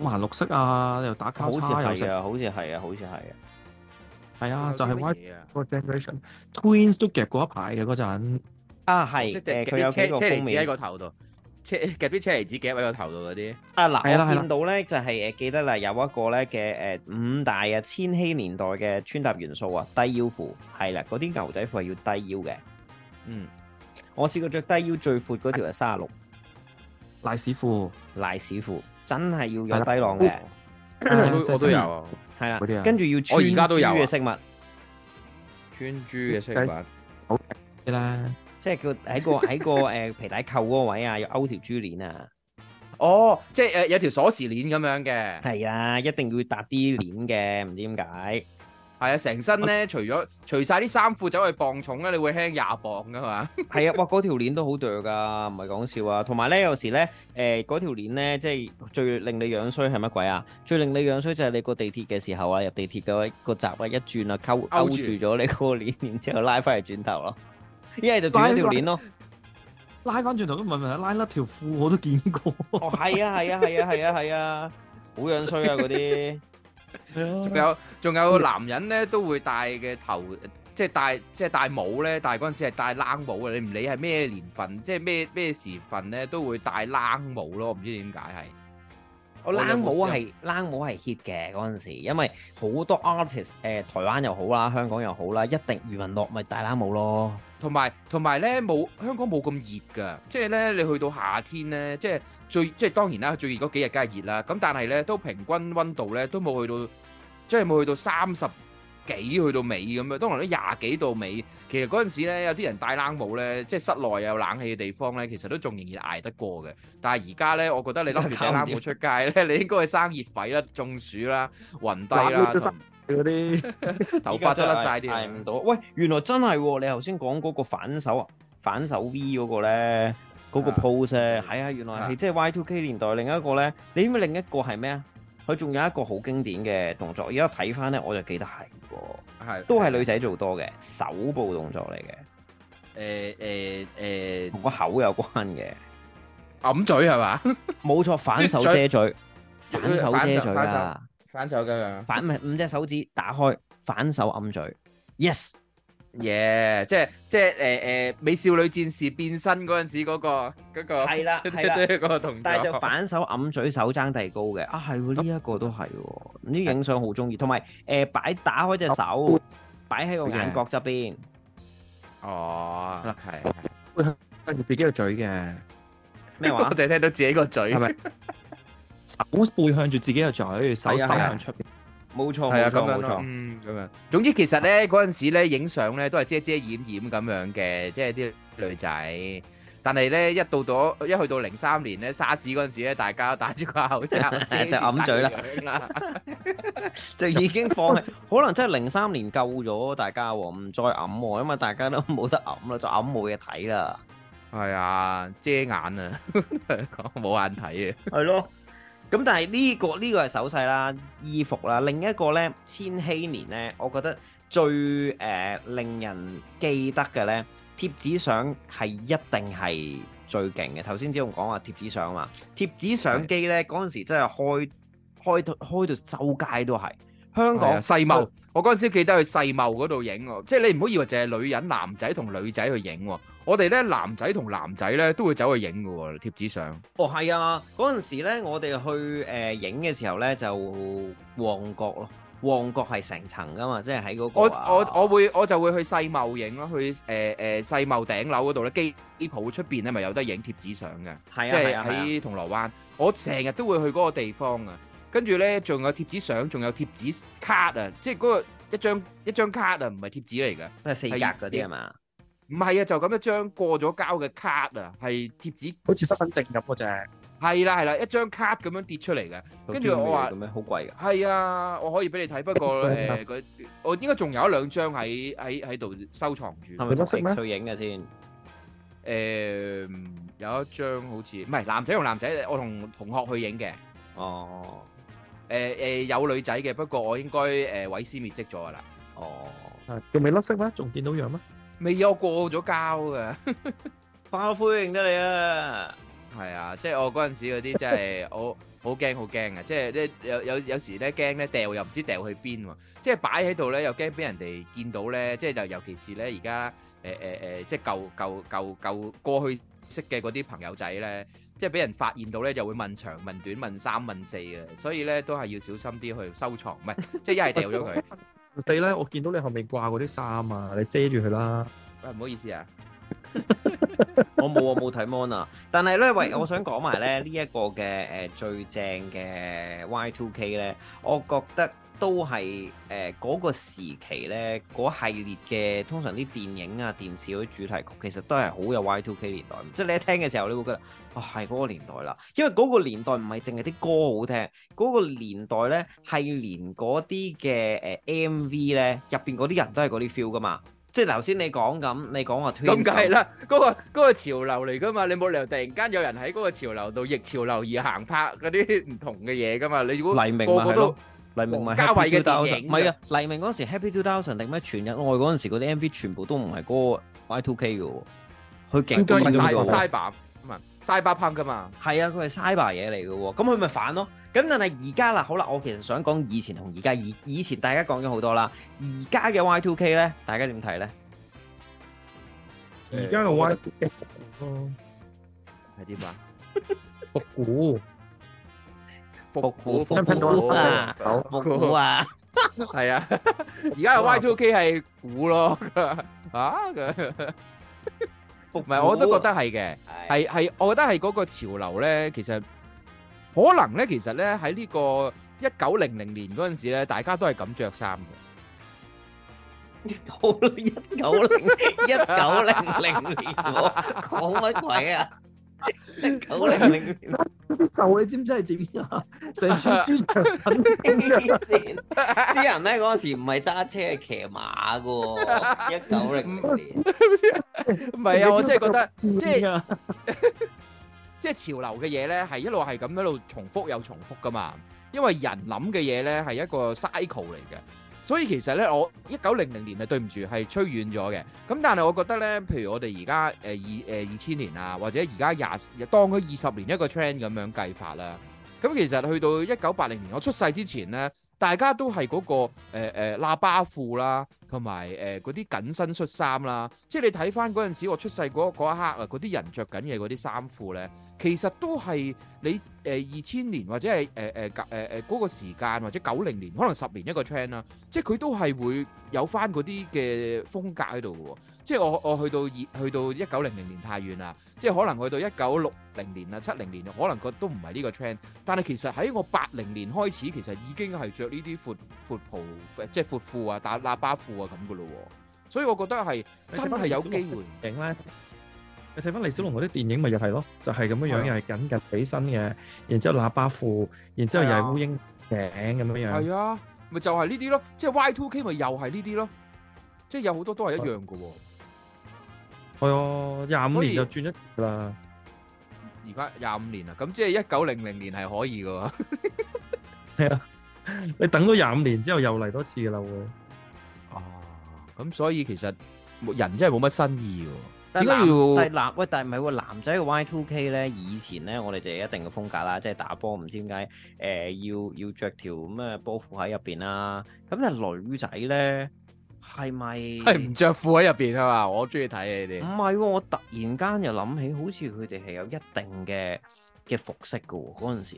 五顏六色啊，又打交叉又色，好似係啊，好似係啊，好似係啊，係啊，就係、是、麼 Generation Twins 都夾過一排嘅嗰陣，啊係，佢、嗯、有車車厘子喺個頭度，車夾啲車厘子夾喺個頭度嗰啲。啊嗱，我見到咧的就係、是、誒，記得啦，有一個咧嘅誒五大啊千禧年代嘅穿搭元素啊，低腰褲係啦，嗰啲牛仔褲係要低腰嘅。嗯，我試過著低腰最闊嗰條係卅六。賴屎褲，賴屎褲，真係要有低浪嘅、哦哦， [COUGHS] 我都有、啊，係啦， [COUGHS] 跟住要穿珠嘅飾物，啊、穿珠嘅飾物好啦，即係叫喺個喺個誒、呃、皮帶扣嗰位啊，要勾條珠鏈啊，哦，即係誒有條鎖匙鏈咁樣嘅，係啊， [COUGHS] 一定要搭啲鏈嘅，唔知點解。係啊，成身咧，除咗除晒啲衫褲，走去磅重咧，你會輕廿磅噶係嘛？係啊，哇，嗰條鏈都好對噶，唔係講笑啊！同埋咧，有時咧，誒，嗰條鏈咧，即係最令你樣衰係乜鬼啊？最令你樣衰就係你過地鐵嘅時候啊，入地鐵嘅個閘啊，一轉啊，勾勾住咗你嗰個鏈，然之後拉翻嚟轉頭咯，一係就斷咗條鏈咯，拉翻轉頭都唔係咪？拉甩條褲我都見過，係啊，係啊，係啊，係啊，係啊，好樣衰啊嗰啲。仲有仲有男人咧，都會戴嘅頭，即係戴即係戴帽咧。戴嗰陣時係戴冷帽啊！你唔理係咩年份，即係咩咩時份咧，都會戴冷帽咯。唔知點解係。我冷帽係冷帽係 hit 嘅嗰陣時，因為好多 artist 誒、呃，台灣又好啦，香港又好啦，一定余文樂咪戴冷帽咯。同埋同埋咧，冇香港冇咁熱噶，即係咧你去到夏天咧，即係。最即係當然啦，最熱嗰幾日梗係熱啦。咁但係咧，都平均溫度咧都冇去到，即係冇去到三十幾去到尾咁樣，當然都廿幾度尾。其實嗰陣時咧，有啲人戴冷帽咧，即係室內又有冷氣嘅地方咧，其實都仲仍然捱得過嘅。但係而家咧，我覺得你諗住戴冷帽出街咧，你應該係生熱痱啦、中暑啦、暈低啦，嗰啲頭髮甩晒啲，捱唔到。喂，原來真係你頭先講嗰個反手啊，反手 V 嗰個咧。嗰個 pose 咧，係啊，原來係即係 Y2K 年代。另一個咧，你知唔知另一個係咩啊？佢仲有一個好經典嘅動作。而家睇翻咧，我就記得係喎，都係女仔做多嘅手部動作嚟嘅。誒誒誒，同個口有關嘅，揞嘴係嘛？冇錯，反手遮嘴，反手遮嘴啦，反手咁樣，反唔係五隻手指打開，反手揞嘴，yes。嘢，即係即係誒誒，美少女戰士變身嗰陣時嗰個嗰個係啦係啦，嗰個動作，但係就反手揞嘴手踭地高嘅啊。係喎，呢一個都係喎，呢影相好中意，同埋誒擺打開隻手，擺喺個眼角側邊。哦，係背向住自己個嘴嘅咩話？我淨係聽到自己個嘴係咪？手背向住自己個嘴，手手向出邊。冇錯，係啊，咁樣，嗯，咁樣。總之其實咧，嗰陣時咧，影相咧都係遮遮掩掩咁樣嘅，即係啲女仔。但係咧，一到咗一去到零三年咧，沙士嗰陣時咧，大家戴住個口罩遮住，就掩嘴啦。就已經放，可能真係零三年夠咗，大家唔再掩啊嘛，因為大家都冇得掩啦，就掩冇嘢睇啦。係啊，遮眼啊，冇眼睇嘅。係咯。咁但係呢、呢個呢、呢個係手勢啦、衣服啦，另一個呢，千禧年呢，我覺得最誒、呃、令人記得嘅呢，貼紙相係一定係最勁嘅。頭先只用講話貼紙相啊嘛，貼紙相機呢，嗰陣時真係開開到開到周街都係。香港、啊、世貿，它我嗰陣時記得去世貿嗰度影，即係你唔好以為淨係女人、男仔同女仔去影，我哋咧男仔同男仔咧都會走去影嘅貼紙相。哦，係啊，嗰陣時咧我哋去誒影嘅時候咧、呃、就旺角咯，旺角係成層噶嘛，即係喺嗰個。我我我會我就會去世貿影咯，去誒誒、呃、世貿頂樓嗰度咧機機鋪出邊咧咪有得影貼紙相嘅，啊、即係喺銅鑼灣，我成日都會去嗰個地方啊。跟住咧，仲有貼紙相，仲有貼紙卡啊！即係嗰個一張一張卡啊，唔係貼紙嚟噶，係四格嗰啲啊嘛？唔係啊，就咁一張過咗膠嘅卡啊，係貼紙，好似身份證咁嘅啫。係啦係啦，一張卡咁樣跌出嚟嘅。跟住我話，好貴嘅。係啊，我可以俾你睇。不過誒，我應該仲有一兩張喺喺喺度收藏住。係咪都係去影嘅先？誒，有一張好似唔係男仔同男仔，我同同學去影嘅。哦。誒誒，有女仔嘅，不過我應該誒毀屍滅迹咗噶啦。哦，仲未甩色咩？仲見到樣咩？未有，過咗膠嘅，花灰認得你啊。係啊，即係我嗰陣時嗰啲，真係我好驚好驚啊！即係咧有有有時咧驚咧掉又唔知掉去邊喎。即係擺喺度咧又驚俾人哋見到咧，即係就尤其是咧而家誒誒誒，即係舊舊舊舊過去識嘅嗰啲朋友仔咧。即係俾人發現到咧，就會問長問短問三問四嘅，所以咧都係要小心啲去收藏，唔係即係一係掉咗佢。四咧，我見到你後面掛嗰啲衫啊，你遮住佢啦。喂，唔好意思啊，我冇我冇睇 mon 啊。但係咧，喂，我想講埋咧呢一個嘅誒最正嘅 Y2K 咧，我覺得都係誒嗰個時期咧嗰系列嘅，通常啲電影啊、電視嗰啲主題曲其實都係好有 Y2K 年代，即係你一聽嘅時候，你會覺得。啊，係嗰個年代啦，因為嗰個年代唔係淨係啲歌好聽，嗰個年代咧係連嗰啲嘅誒 MV 咧入邊嗰啲人都係嗰啲 feel 噶嘛。即係頭先你講咁，你講話 Twins 咁梗係啦，嗰個嗰個潮流嚟噶嘛。你冇理由突然間有人喺嗰個潮流度逆潮流而行，拍嗰啲唔同嘅嘢噶嘛。你如果黎明咪都黎明咪嘉慧嘅影唔係啊？黎明嗰時 Happy 2000定咩？全日愛嗰陣時，嗰啲 MV 全部都唔係嗰個 Y2K 嘅，佢鏡頭都係曬版。晒白噴噶嘛，係啊，佢係晒白嘢嚟嘅，咁佢咪反咯。咁但係而家啦，好啦，我其實想講以前同而家，以以前大家講咗好多啦，而家嘅 Y two K 咧，大家點睇咧？而家嘅 Y two K，係點、嗯、啊？復古， [LAUGHS] 復古，復古啊！復古啊！係 [LAUGHS] 啊！而家嘅 Y two K 係古咯，啊，佢。唔係，我都覺得係嘅，係係的，我覺得係嗰個潮流咧，其實可能咧，其實咧喺呢個一九零零年嗰陣時咧，大家都係咁着衫嘅。一九一九零一九零零年，我講乜鬼呀？ [LAUGHS] 一九零零年就你知唔知係點啊？成串豬腸粉先，啲 [LAUGHS] 人咧嗰時唔係揸車係騎馬噶，一九零零年。唔係啊，我真係覺得 [LAUGHS] 即係 [LAUGHS] 即係潮流嘅嘢咧，係一路係咁一路重複又重複噶嘛，因為人諗嘅嘢咧係一個 cycle 嚟嘅。所以其實咧，我一九零零年，係對唔住，係吹遠咗嘅。咁但係我覺得咧，譬如我哋而家誒二誒二千年啊，或者而家廿當佢二十年一個 trend 咁樣計法啦。咁其實去到一九八零年，我出世之前咧。大家都係嗰、嗰個誒、呃呃、喇叭褲啦，同埋誒嗰啲緊身恤衫啦，即係你睇翻嗰陣時，我出世嗰一刻啊，嗰啲人着緊嘅嗰啲衫褲咧，其實都係你誒二千年或者係誒誒誒誒嗰個時間或者九零年，可能十年一個 change 啦，即係佢都係會。有翻嗰啲嘅風格喺度嘅喎，即係我我去到二去到一九零零年太遠啦，即係可能去到一九六零年啊七零年，可能佢都唔係呢個 trend。但係其實喺我八零年開始，其實已經係著呢啲闊闊袍即係闊褲啊，打喇叭褲啊咁嘅咯。所以我覺得係真係有機會影咧。你睇翻李小龍嗰啲電影咪又係咯，就係咁嘅樣，又係緊緊起身嘅，然之後喇叭褲，然之後又係烏蠅頸咁嘅樣，係啊。咪就係呢啲咯，即係 Y2K 咪又係呢啲咯，即係有好多都係一樣嘅喎。係啊，廿五年就轉一啦。而家廿五年啊，咁即係一九零零年係可以嘅。係啊，你等咗廿五年之後又嚟多次啦。哦，咁所以其實人真係冇乜新意。但男，男喂，但唔係男仔嘅 Y Two K 咧，以前咧，我哋就一定嘅風格啦，即係打波唔知點解，誒、呃，要要著條咩波褲喺入邊啦。咁但係女仔咧，係咪？係唔着褲喺入邊啊？嘛，我中意睇你哋。唔係喎，我突然間又諗起，好似佢哋係有一定嘅嘅服飾嘅喎、哦。嗰陣時，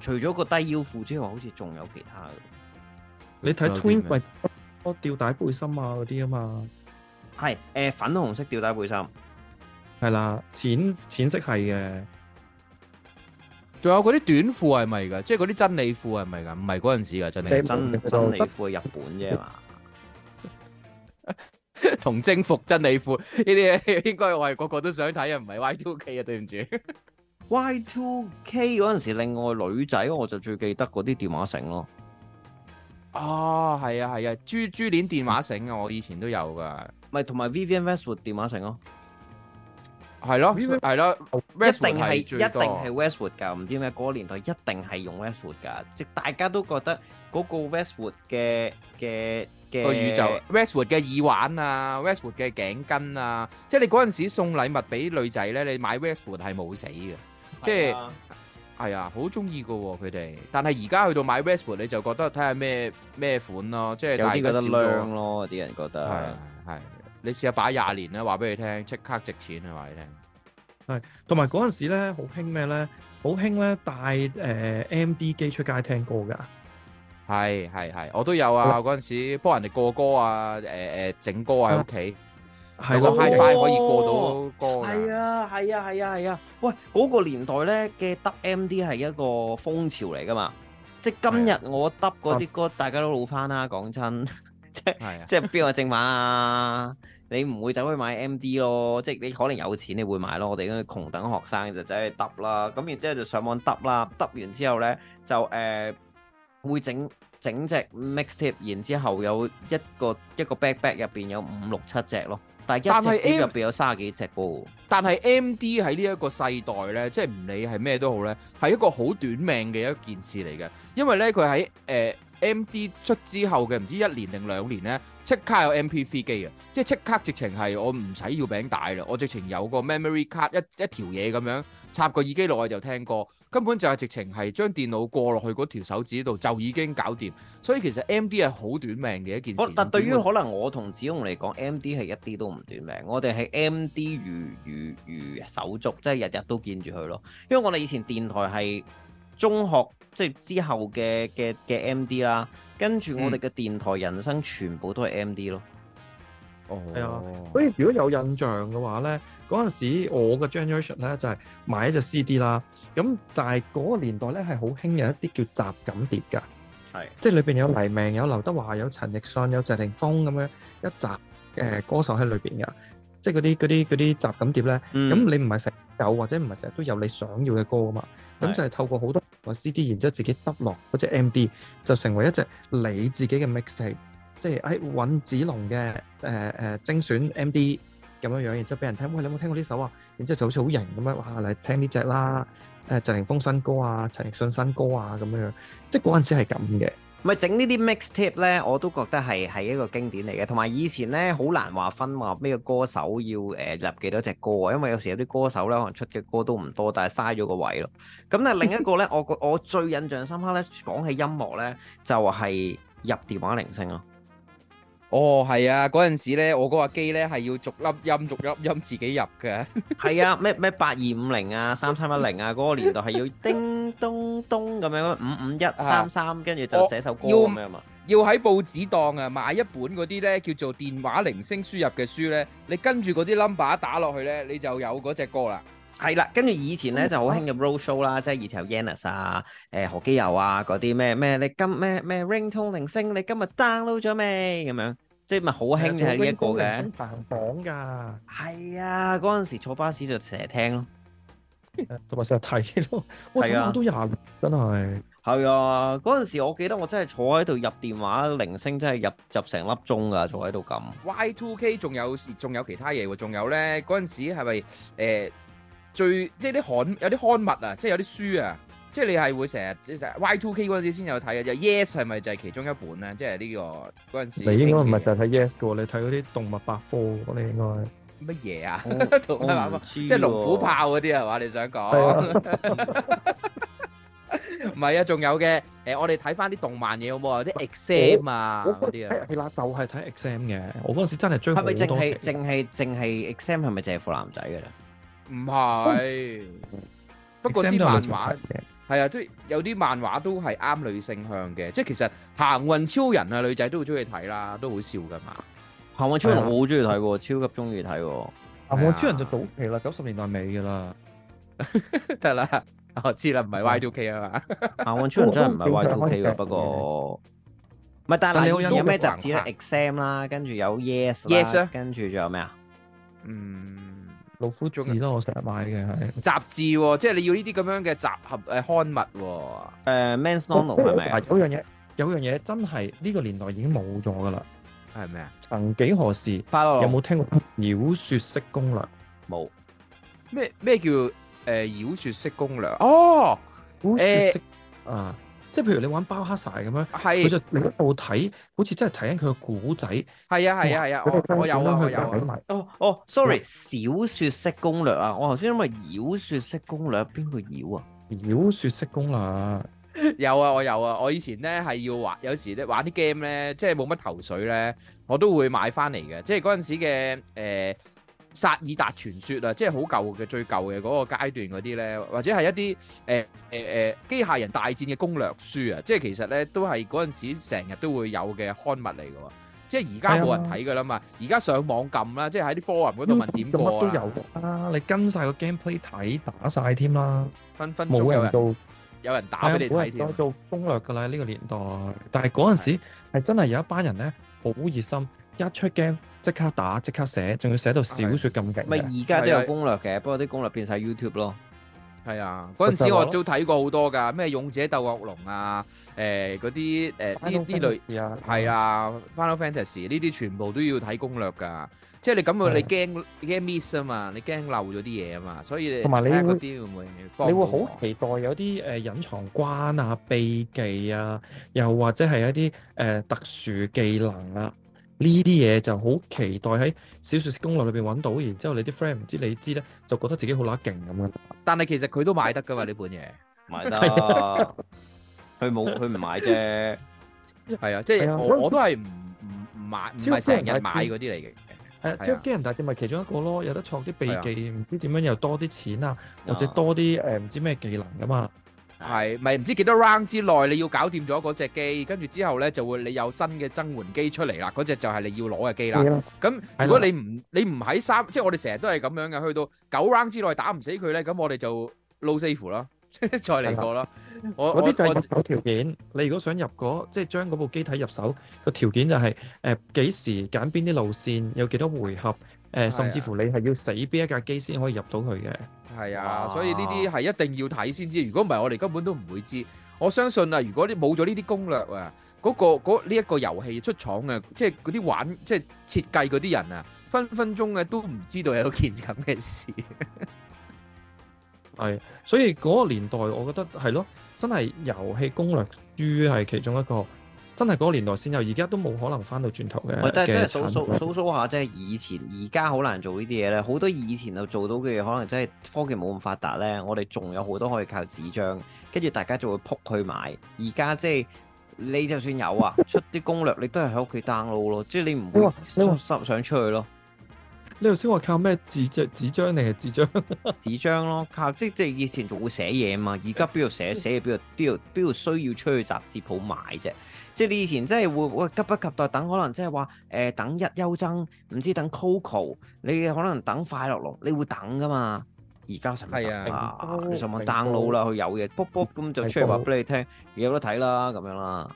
除咗個低腰褲之外，好似仲有其他嘅。你睇 Twins 咪多麼吊帶背心啊嗰啲啊嘛。係誒、呃，粉紅色吊帶背心，係啦，淺淺色系嘅。仲有嗰啲短褲係咪噶？即係嗰啲真理褲係咪噶？唔係嗰陣時噶真理褲真 [LAUGHS] 真理褲係日本啫嘛。 [LAUGHS] 同征服真理褲呢啲， [LAUGHS] 應該我係個個都想睇啊，唔係 Y Two K 啊，對唔住。 [LAUGHS] Y Two K 嗰陣時，另外女仔我就最記得嗰啲電話繩咯。哦、啊，係啊，係啊，珠珠鏈電話繩啊，我以前都有噶。咪同埋 Vivienne Westwood 電話成咯，係咯，係咯，一定係一定係 Westwood 噶，唔知咩嗰個年代一定係用 Westwood 噶，即係大家都覺得嗰個 Westwood 嘅嘅嘅宇宙，Westwood 嘅耳環啊，Westwood 嘅頸巾啊，即係你嗰陣時送禮物俾女仔咧，你買 Westwood 係冇死嘅，即係係啊，好中意嘅喎佢哋，但係而家去到買 Westwood 你就覺得睇下咩咩款咯，即係有啲覺得靚咯，啲人覺得係係。你試下擺廿年咧，話俾你聽，即刻值錢啊！話你聽，係同埋嗰陣時咧，好興咩咧？好興咧帶誒 M D 機出街聽歌噶，係係係，我都有啊！嗰陣時幫人哋過歌啊，誒誒整歌喺屋企，係囉 HiFi 可以過到歌㗎，係啊係啊係啊係啊！喂，嗰個年代咧嘅得 M D 係一個風潮嚟噶嘛？即係今日我得嗰啲歌，大家都老翻啦。講真，即係即係邊個係正版啊？你唔會走去買 M D 咯，即係你可能有錢，你會買咯。我哋咁窮等學生就走去揼啦，咁然之後就上網揼啦，揼完之後呢，就誒、呃、會整整隻 Mixtape，然之後有一個一個 back bag 入邊有五六七隻咯，但係是 M 入邊有卅幾隻噃。但係 M D 喺呢一個世代呢，即係唔理係咩都好呢，係一個好短命嘅一件事嚟嘅，因為呢，佢喺誒。呃 M D 出之後嘅唔知一年定兩年呢，即刻有 M P C 機啊！即係即刻直情係我唔使要餅帶啦，我直情有個 memory c a 卡一一條嘢，咁樣插個耳機落去就聽歌，根本就係直情係將電腦過落去嗰條手指度就已經搞掂。所以其實 M D 係好短命嘅一件事。但對於可能我同子紅嚟講，M D 係一啲都唔短命，我哋係 M D 如如如手足，即係日日都見住佢咯。因為我哋以前電台係。中學即係、就是、之後嘅嘅嘅 M D 啦，跟住我哋嘅電台人生全部都係 M D 咯。哦，係啊、 [NOISE] [NOISE] 哦，所以如果有印象嘅話咧，嗰陣時我嘅 generation 咧就係、是、買一隻 C D 啦。咁但係嗰個年代咧係好興有一啲叫雜錦碟噶，係是即係裏邊有黎明、有劉德華、有陳奕迅、有謝霆鋒咁樣一集誒歌手喺裏邊噶。即係嗰啲嗰啲嗰啲雜錦碟咧，咁你唔係成日有或者唔係成日都有你想要嘅歌啊嘛，咁就係透過好多或 CD，然之後自己揼落嗰隻 MD，就成為一隻你自己嘅 mix，即係誒尹紫龍嘅誒誒精選 MD 咁樣樣，然之後俾人聽，喂你有冇聽過呢首啊？然之後就好似好型咁樣，哇嚟聽呢隻啦，誒謝霆鋒新歌啊，陳奕迅新歌啊咁樣樣，即係嗰陣時係咁嘅。咪整呢啲 mix tip 咧，我都覺得係係一個經典嚟嘅。同埋以前咧，好難話分話咩歌手要誒入幾多隻歌啊，因為有時有啲歌手咧，可能出嘅歌都唔多，但係嘥咗個位咯。咁但係另一個咧，我個我最印象深刻咧，講起音樂咧，就係、是、入電話鈴聲咯。哦，係啊！嗰陣時咧，我嗰個機咧係要逐粒音，逐粒音自己入嘅。係 [LAUGHS] 啊，咩咩八二五零啊，三三一零啊，嗰、嗰個年代係要叮咚咚咁樣五五一三三，跟住就寫首歌咁、啊、樣嘛。要喺報紙檔啊，買一本嗰啲咧叫做電話鈴聲輸入嘅書咧，你跟住嗰啲 number 打落去咧，你就有嗰隻歌啦。係啦，跟住以前咧就好興嘅 roadshow 啦，即係以前有 Yanis 啊、誒何基友啊嗰啲咩咩，你今咩咩 Ring 通鈴聲，你今日 download 咗咩？咁樣即係咪好興嘅呢一個嘅？排行榜噶。係啊，嗰陣時坐巴士就成日聽咯，同埋成日睇咯。哇，咁多廿，真係。係啊，嗰陣時我記得我真係坐喺度入電話鈴聲，真係入入成粒鐘噶，坐喺度咁。Y2K 仲有仲有其他嘢喎，仲有咧嗰陣時係咪誒？最即係啲刊有啲刊物啊，即係有啲書啊，即係你係會成日，即係 Y2K 嗰陣時先有睇嘅，就 Yes 係咪就係其中一本咧？即係呢個嗰陣時。你應該唔係淨係睇 Yes 嘅，你睇嗰啲動物百科你應該。乜嘢啊？動物百科，即係龍虎豹嗰啲係嘛？你想講？唔係啊，仲有嘅，誒，我哋睇翻啲動漫嘢好冇啊？啲 exam 啊，嗰啲啊。係啦，就係睇 exam 嘅。我嗰陣時真係追，係咪淨係淨係淨係 exam？係咪淨係副男仔噶啦？唔係，不過啲漫畫係啊，都有啲漫畫都係啱女性向嘅，即係其實行運超人啊，女仔都會中意睇啦，都好笑噶嘛。行運超人我好中意睇，超級中意睇。行運超人就早期啦，九十年代尾噶啦，得啦，我知啦，唔係 Y2K 啊嘛。行運超人真係唔係 Y2K 噶，不過唔係，但係你有咩雜誌咧？exam 啦，跟住有 yes 啦，跟住仲有咩啊？嗯。老夫中意咯，我成日買嘅係雜誌，哦，即係你要呢啲咁樣嘅集合誒刊物，哦，誒 Men's uno 係咪？有樣嘢，有樣嘢真係呢，呢個年代已經冇咗噶啦，係咩啊？曾幾何時，有冇聽過妖雪色攻略？冇，咩咩叫誒妖雪色攻略？呃、妖雪式哦，妖雪色啊！即係譬如你玩包黑曬咁樣，佢、啊、就另一部睇，好似真係睇緊佢個故仔。係啊係啊係啊，啊啊哇我有啊我，我有啊。哦哦、oh，sorry，小説式攻略啊！我頭先因為妖説式攻略邊、啊、個妖啊？妖説式攻略 [LAUGHS] 有啊，我有啊。我以前咧係要玩，有時咧玩啲 game 咧，即係冇乜頭緒咧，我都會買翻嚟嘅。即係嗰陣時嘅誒。呃《薩爾達傳說》啊，即係好舊嘅最舊嘅嗰個階段嗰啲咧，或者係一啲誒誒誒機械人大戰嘅攻略書啊，即係其實咧都係嗰陣時成日都會有嘅刊物嚟嘅喎，即係而家冇人睇㗎喇嘛，而家上網撳啦，即係喺啲 forum 嗰度問點過啊，咩都有啊，你跟曬個 gameplay 睇打曬添啦，冇人做有人打俾你睇添，做攻略嘅啦呢個年代，但係嗰陣時係真係有一班人咧好熱心，一出 game。即刻打，即刻寫，仲要寫到小説咁勁。咪而家都有攻略嘅，不過啲攻略變曬 YouTube 咯。係啊，嗰陣時我都睇過好多㗎，咩勇者鬥惡龍啊，誒嗰啲誒呢啲類係啊，Final Fantasy 呢啲全部都要睇攻略㗎。即係你咁，你驚驚 miss 啊嘛，你驚漏咗啲嘢啊嘛，所以同埋你會，你會好期待有啲誒隱藏關啊、秘技啊，又或者係一啲誒特殊技能啊。呢啲嘢就好期待喺小説式攻略裏邊揾到，然之後你啲 friend 唔知你知咧，就覺得自己好乸勁咁樣。但係其實佢都買得噶嘛，呢 [LAUGHS] 本嘢 [LAUGHS] 買得，佢冇佢唔買啫。係啊，即係的我，我都係唔唔唔買，唔係成日買嗰啲嚟嘅。係啊，超驚人，但係咪其中一個咯？有得錯啲秘技，唔的知點樣又多啲錢啊，或者多啲誒唔知咩技能噶嘛。係咪唔知幾多 round 之內你要搞掂咗嗰隻機，跟住之後咧就會你有新嘅增援機出嚟啦，嗰隻就係你要攞嘅機啦。咁如果你唔你唔喺三，即係我哋成日都係咁樣嘅，去到九 round 之內打唔死佢咧，咁我哋就 lose save 啦，再嚟過啦。我我啲就係個條件，你如果想入嗰即係將嗰部機體入手，個條件就係誒幾時揀邊啲路線，有幾多回合，誒甚至乎你係要死邊一架機先可以入到去嘅。係啊，所以呢啲係一定要睇先知。如果唔係，我哋根本都唔會知。我相信啊，如果呢冇咗呢啲攻略啊，嗰、嗰個呢一、嗰個遊戲、呢個、出廠啊，即係嗰啲玩即係設計嗰啲人啊，分分鐘啊都唔知道有件咁嘅事。係， [LAUGHS] 所以嗰個年代，我覺得係咯，真係遊戲攻略於係其中一個。真係嗰年代先有，而家都冇可能翻到轉頭嘅。我真係真係數數數數下，真係以前而家好難做呢啲嘢咧。好多以前就做到嘅嘢，可能真係科技冇咁發達咧。我哋仲有好多可以靠紙張，跟住大家就會撲去買。而家即係你就算有啊，出啲攻略，你都係喺屋企 download 咯，即係你唔會想麼想出去咯。你頭先話靠咩紙張？紙張定係紙張？紙張 [LAUGHS] 咯，靠！即係即係以前仲會寫嘢啊嘛。而家邊度寫？寫嘢？邊度？邊度邊度需要出去雜誌鋪買啫？即係你以前真係會會急不及待等，可能即係話誒等一優增，唔知等 Coco，你可能等快樂龍，你會等噶嘛？而家上網，啊、你上網 download 啦，佢高有嘢，卜卜咁就出嚟話俾你聽，有得睇啦咁樣啦。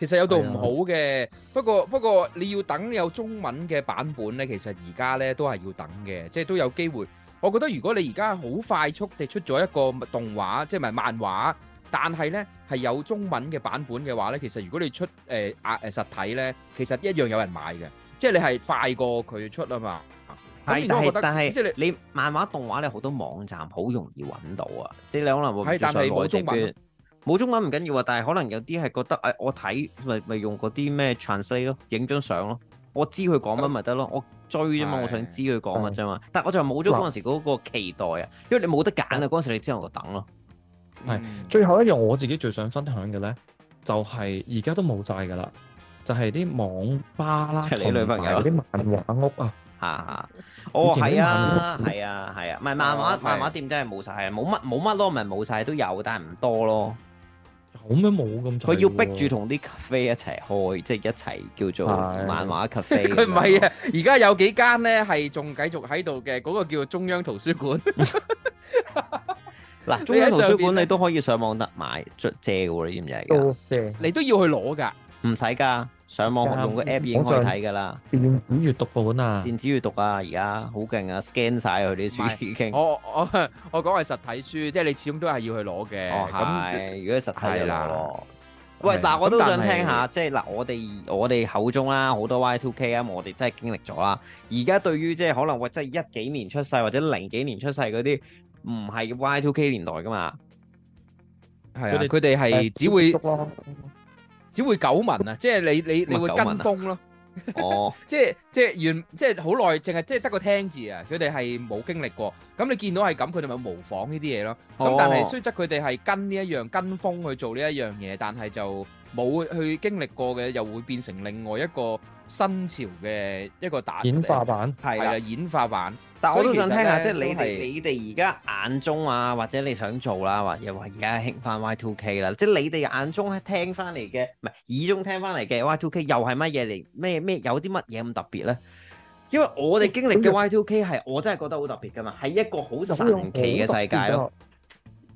其實有度唔好嘅，啊、不過不過你要等有中文嘅版本咧，其實而家咧都係要等嘅，即係都有機會。我覺得如果你而家好快速地出咗一個動畫，即係咪漫畫？但係咧，係有中文嘅版本嘅話咧，其實如果你出誒亞誒實體咧，其實一樣有人買嘅，即係你係快過佢出啊嘛。係係，但係你漫畫動畫咧，好多網站好容易揾到啊，即係你可能會唔係但係冇中文，冇中文唔緊要啊，但係可能有啲係覺得誒，我睇咪咪用嗰啲咩 translate 咯，影張相咯，我知佢講乜咪得咯，我追啫嘛，我想知佢講乜啫嘛。但係我就冇咗嗰陣時嗰個期待啊，因為你冇得揀啊，嗰陣時你只能夠等咯。係，最後一樣我自己最想分享嘅咧，就係而家都冇晒噶啦，就係啲網吧啦，你女朋友同埋啲漫畫屋啊，吓哦係啊係啊係啊，唔係漫畫漫畫店真係冇晒，冇乜冇乜咯，咪冇晒都有，但係唔多咯。好咩？冇咁，佢要逼住同啲 cafe 一齊開，即係一齊叫做漫畫 cafe。佢唔係啊，而家有幾間咧係仲繼續喺度嘅，嗰個叫中央圖書館。嗱，咁喺、啊、圖，圖書館你都可以上網得買借嘅喎，你知唔知，你都要去攞噶，唔使噶，上網用個 app 已經可以睇噶、嗯、啦。電子閲讀本啊？電子閲讀啊，而家好勁啊，scan 晒佢啲書已經。 [NOISE] 我我我講係實體書，即係你始終都係要去攞嘅。 [NOISE] 哦，係，那如果實體嘅喎。的喂，嗱是，我都想聽下，即係嗱，我哋我哋口中啦，好多 Y2K 啊，我哋真係經歷咗啦。而家對於即係可能喂，即係一幾年出世或者零幾年出世嗰啲。唔係 Y two K 年代噶嘛？係啊，佢哋係只會只會狗聞啊！即係你你你會跟風咯。哦，即係即係原即係好耐，淨係即係得個聽字啊！佢哋係冇經歷過，咁你見到係咁，佢哋咪模仿呢啲嘢咯。咁但係雖則佢哋係跟呢一樣跟風去做呢一樣嘢，但係就冇去經歷過嘅，又會變成另外一個新潮嘅一個打演化版，係啊，演化版。但我都想聽下，即係你哋都是 你哋而家眼中啊，或者你想做啦、啊，或者話而家興翻 Y2K 啦，即係你哋眼中聽翻嚟嘅，唔係耳中聽翻嚟嘅 Y2K 又係乜嘢嚟？咩咩有啲乜嘢咁特別咧？因為我哋經歷嘅 Y2K 係我真係覺得好特別噶嘛，係一個好神奇嘅世界咯。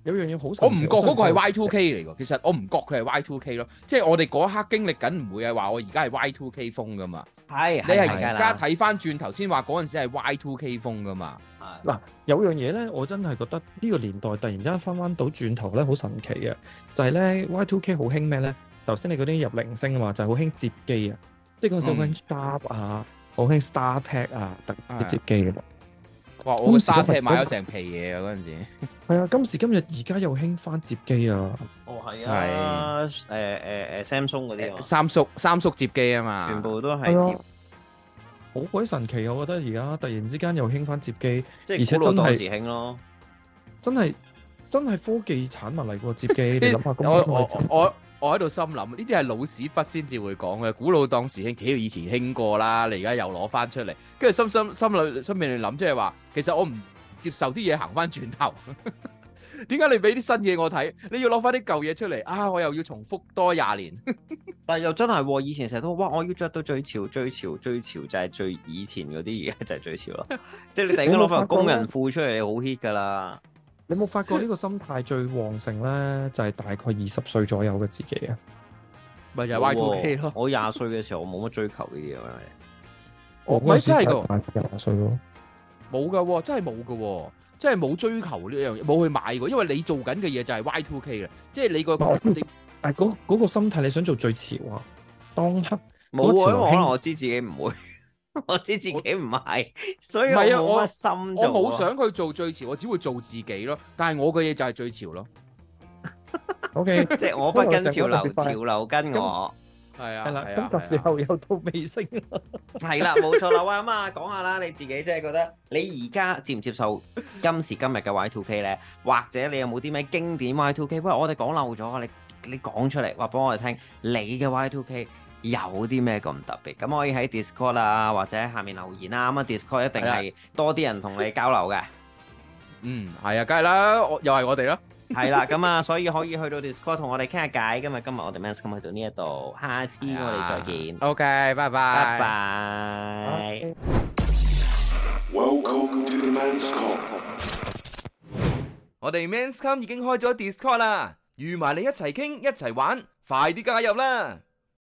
有樣嘢好神奇，我唔覺嗰個係 Y2K 嚟噶， [LAUGHS] 其實我唔覺佢係 Y2K 咯，即係我哋嗰一刻經歷緊唔會係話我而家係 Y2K 風噶嘛。係，是你係而家睇翻轉頭先話嗰陣時係 Y2K 風噶嘛？嗱、嗯，有樣嘢咧，我真係覺得呢個年代突然之間翻翻到轉頭咧，好神奇、就是就是嗯、啊！就係咧，Y2K 好興咩咧？頭先你嗰啲入鈴聲啊嘛，就係好興摺機啊，即係嗰啲 Sharp 啊，好興 StarTAC 啊，特別摺機嘅。哇！我個沙皮買咗成皮嘢啊嗰陣時。係啊，今時今日而家又興翻摺機啊。哦，係啊。係。誒誒誒，Samsung 嗰啲。三叔三叔摺機啊嘛。全部都係摺。好鬼神奇啊！我覺得而家突然之間又興翻摺機，即係而且真係時興咯。真係真係科技產物嚟喎，摺機你諗下咁都唔係。我喺度心諗，呢啲係老屎忽先至會講嘅。古老當時興，幾以前興過啦。你而家又攞翻出嚟，跟住心心心裏心面嚟諗，即係話，其實我唔接受啲嘢行翻轉頭。點 [LAUGHS] 解你俾啲新嘢我睇？你要攞翻啲舊嘢出嚟啊！我又要重複多廿年。 [LAUGHS] 但係又真係，以前成日都哇，我要着到最潮、最潮、最潮，就係、是、最以前嗰啲嘢就係、是、最潮咯。 [LAUGHS] 即係你突然間攞份工人褲 [LAUGHS] 出嚟，你好 hit 噶啦你冇發覺呢個心態最旺盛咧，就係、是、大概二十歲左右嘅自己啊？咪就係、是、Y2K 咯。 [LAUGHS] 我廿歲嘅時候，冇乜追求呢嘢，係咪？我嗰、哦、時十八、廿歲咯，冇噶，真係冇噶，真係冇追求呢樣，冇去買過，因為你做緊嘅嘢就係 Y2K 啦。即係你、那個有你，但係嗰嗰個心態，你想做最潮？啊。當刻，冇啊有，可能我知自己唔會。我知自己唔係，我所以我冇乜心我。我冇想去做最潮，我只會做自己咯。但係我嘅嘢就係最潮咯。OK，即係我不跟潮流，潮流跟我。係啊，係啦、啊。咁到、啊啊、時候又到尾聲啦。係啦，冇錯啦。喂，咁啊，講下啦，你自己即係覺得你而家接唔接受今時今日嘅 Y2K 咧？或者你有冇啲咩經典 Y2K？不過我哋講漏咗，你你講出嚟話俾我哋聽，你嘅 Y2K。有啲咩咁特別咁？可以喺 Discord 啊，或者下面留言啦、啊。咁啊，Discord 一定係的多啲人同你交流嘅。 [LAUGHS] 嗯，係啊，梗係啦，又係我哋咯，係 [LAUGHS] 啦。咁啊，所以可以去到 Discord 同我哋傾下偈。咁啊，今日我哋 Manscome 喺度呢一度，下次我哋再見。OK，拜拜，拜拜 bye。Okay. Welcome to the Manscome。我哋 Manscome 已經開咗 Discord 啦，預埋你一齊傾一齊玩，快啲加入啦！